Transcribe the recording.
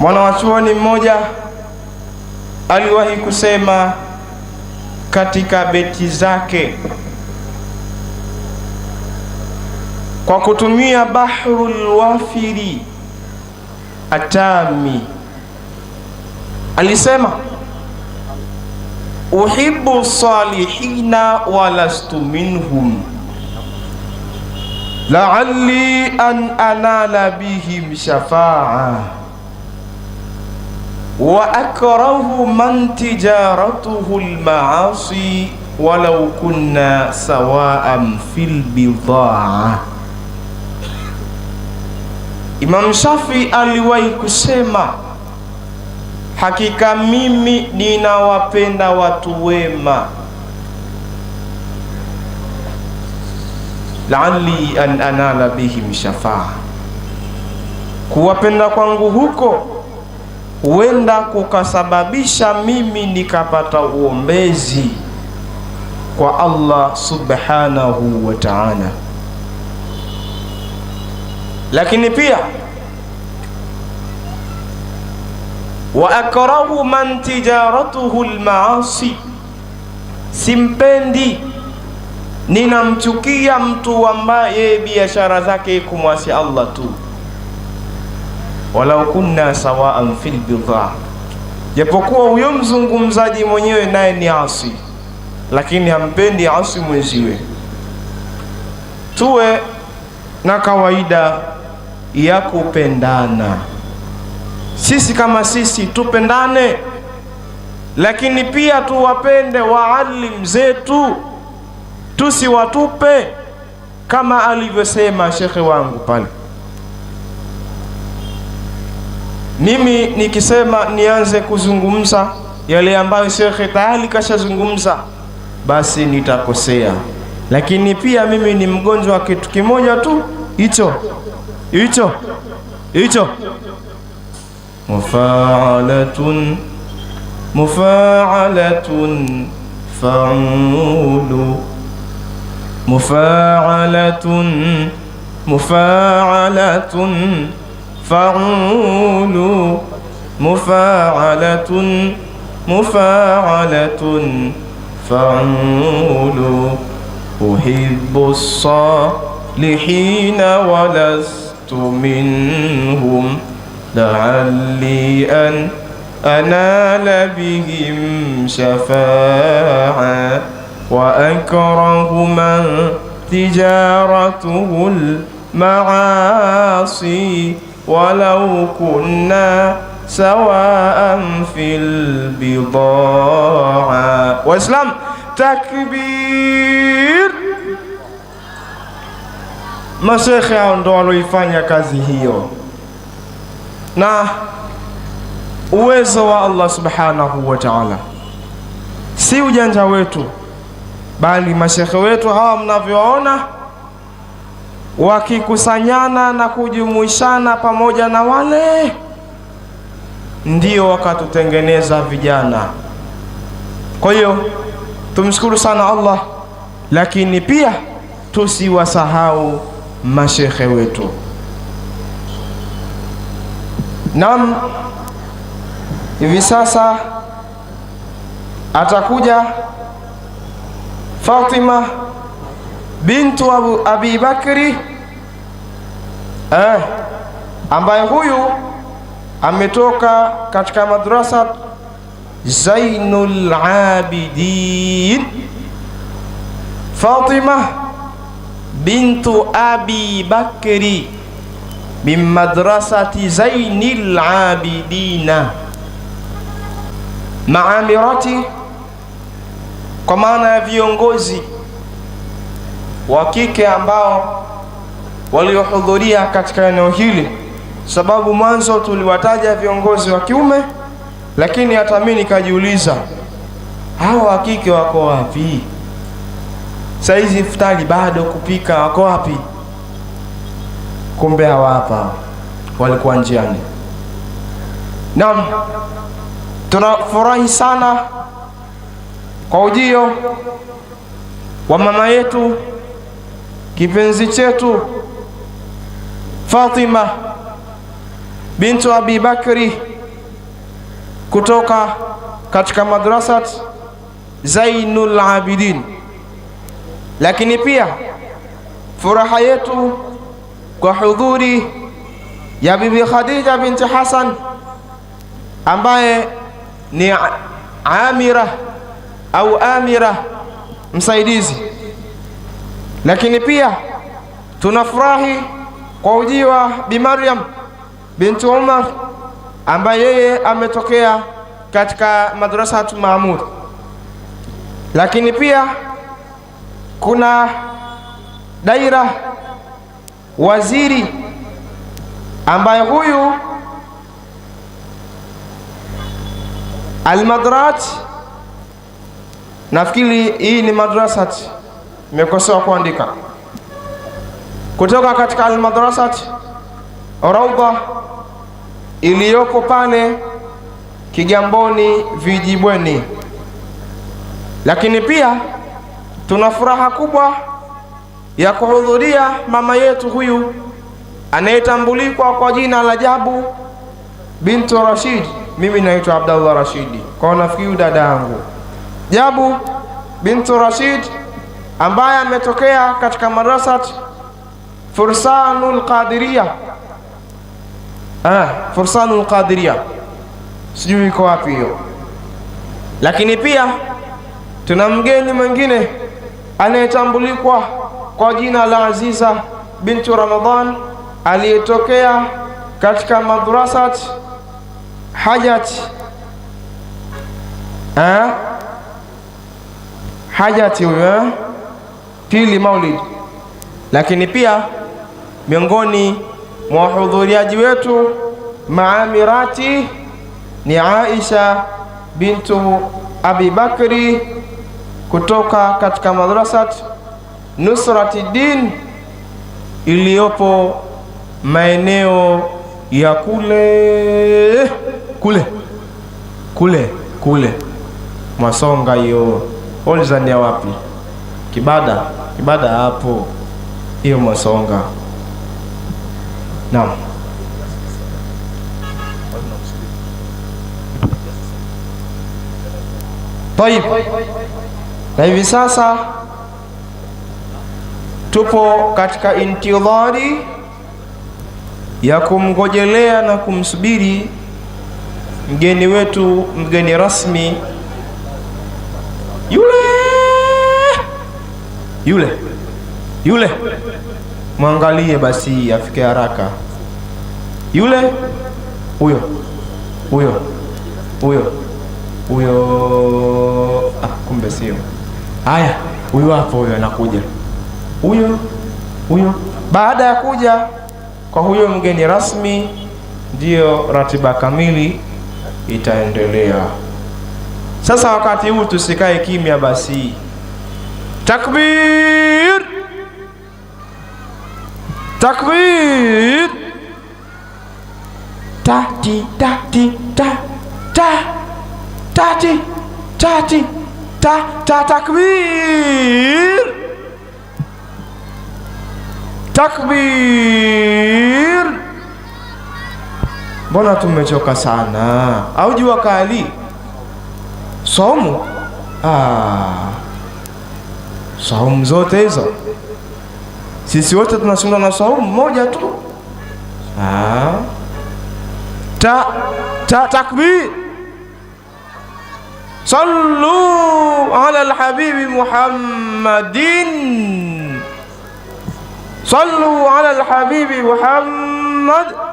mwana wa chuoni mmoja aliwahi kusema katika beti zake kwa kutumia bahrul wafiri atami, alisema uhibbu salihina walastu minhum la'alli an anala bihim shafaa wa akrahu man tijaratuhu almaasi walau kunna sawaan fil bidaa. Imam Shafi aliwahi kusema, hakika mimi ninawapenda watu wema, laali an anala bihim shafaa, kuwapenda kwangu huko huenda kukasababisha mimi nikapata uombezi kwa Allah subhanahu wa ta'ala. Lakini pia wa akrahu man tijaratuhu almaasi, simpendi ninamchukia mtu ambaye biashara zake kumwasi Allah tu walau kunna sawaan fil bidha, japokuwa huyo mzungumzaji mwenyewe naye ni asi, lakini hampendi asi mwenziwe. Tuwe na kawaida ya kupendana, sisi kama sisi tupendane, lakini pia tuwapende waalimu zetu, tusiwatupe kama alivyosema shekhe wangu pale Mimi nikisema nianze kuzungumza yale ambayo Shekhe tayari kashazungumza, basi nitakosea. Lakini pia mimi ni mgonjwa wa kitu kimoja tu hicho hicho hicho, mufaalatun mufaalatun faulu mufaalatun mufaalatun فعول مفاعلة مفاعلة فعول أحب الصالحين ولست منهم لعلي أن أنال بهم شفاعة وأكره من تجارته المعاصي walau kunna sawaan fil bidaa. Waislam, takbir! Mashekhe hao ndo waloifanya kazi hiyo, na uwezo wa Allah subhanahu wa ta'ala si ujanja wetu, bali mashekhe wetu hawa mnavyoona wakikusanyana na kujumuishana pamoja na wale ndio wakatutengeneza vijana. Kwa hiyo tumshukuru sana Allah, lakini pia tusiwasahau mashekhe wetu. Naam, hivi sasa atakuja Fatima bintu Abu Abi Bakri eh, ambaye huyu ametoka katika madrasa Zainul Abidin Fatima bintu Abi Bakri min madrasati Zainil Abidina maamirati, kwa maana ya viongozi wa kike ambao waliohudhuria katika eneo hili, sababu mwanzo tuliwataja viongozi wa kiume, lakini hata mimi nikajiuliza hawa wa kike wako wapi? Saizi iftari bado kupika, wako wapi? Kumbe hawa hapa walikuwa njiani. Naam, tunafurahi sana kwa ujio wa mama yetu kipenzi chetu Fatima bintu Abi Bakri kutoka katika madrasat Zainul Abidin. Lakini pia furaha yetu kwa hudhuri ya Bibi Khadija binti Hasan ambaye ni amira au amira msaidizi lakini pia tunafurahi kwa ujio wa Bi Maryam binti Umar ambaye yeye ametokea katika madrasatu Maamur. Lakini pia kuna daira waziri ambaye huyu Almadrat, nafikiri hii ni madrasati Nimekosewa kuandika kutoka katika almadrasat Raudha iliyoko pale Kigamboni Vijibweni. Lakini pia tuna furaha kubwa ya kuhudhuria mama yetu huyu anayetambulikwa kwa jina la Jabu bintu Rashid. Mimi naitwa Abdallah Rashidi, kwa nafikiri dada yangu Jabu bintu Rashid ambaye ametokea katika madrasat Fursanul Qadiria. Ah, Fursanul Qadiria sijui iko wapi hiyo. Lakini pia tuna mgeni mwingine anayetambulikwa kwa jina la Aziza bintu Ramadhan aliyetokea katika madrasat Hajat ah, Hajati huyo pili maulid. Lakini pia miongoni mwa wahudhuriaji wetu maamirati ni Aisha bintu Abi Bakri kutoka katika madrasat Nusrati Din iliyopo maeneo ya kule kule kule kule Mwasonga, hiyo olizania wapi Kibada ibada hapo hiyo masonga Naam. Taib. Na hivi sasa tupo katika intidhari ya kumgojelea na kumsubiri mgeni wetu, mgeni rasmi yule yule yule mwangalie basi afike haraka. Yule huyo huyo huyo huyo. Ah, kumbe sio. Haya, huyo hapo, huyo anakuja huyo huyo. Baada ya kuja kwa huyo mgeni rasmi, ndiyo ratiba kamili itaendelea. Sasa wakati huu tusikae kimya basi. takbir takbir tadi tadi dah dah tadi tadi ta ta takbir takbir mbona tumechoka sana au jua kali somo ah saumu zote hizo, sisi wote tunashinda na saumu moja tu. Ah, ta, ta takbir Sallu ala alhabibi Muhammadin, sallu ala alhabibi Muhammad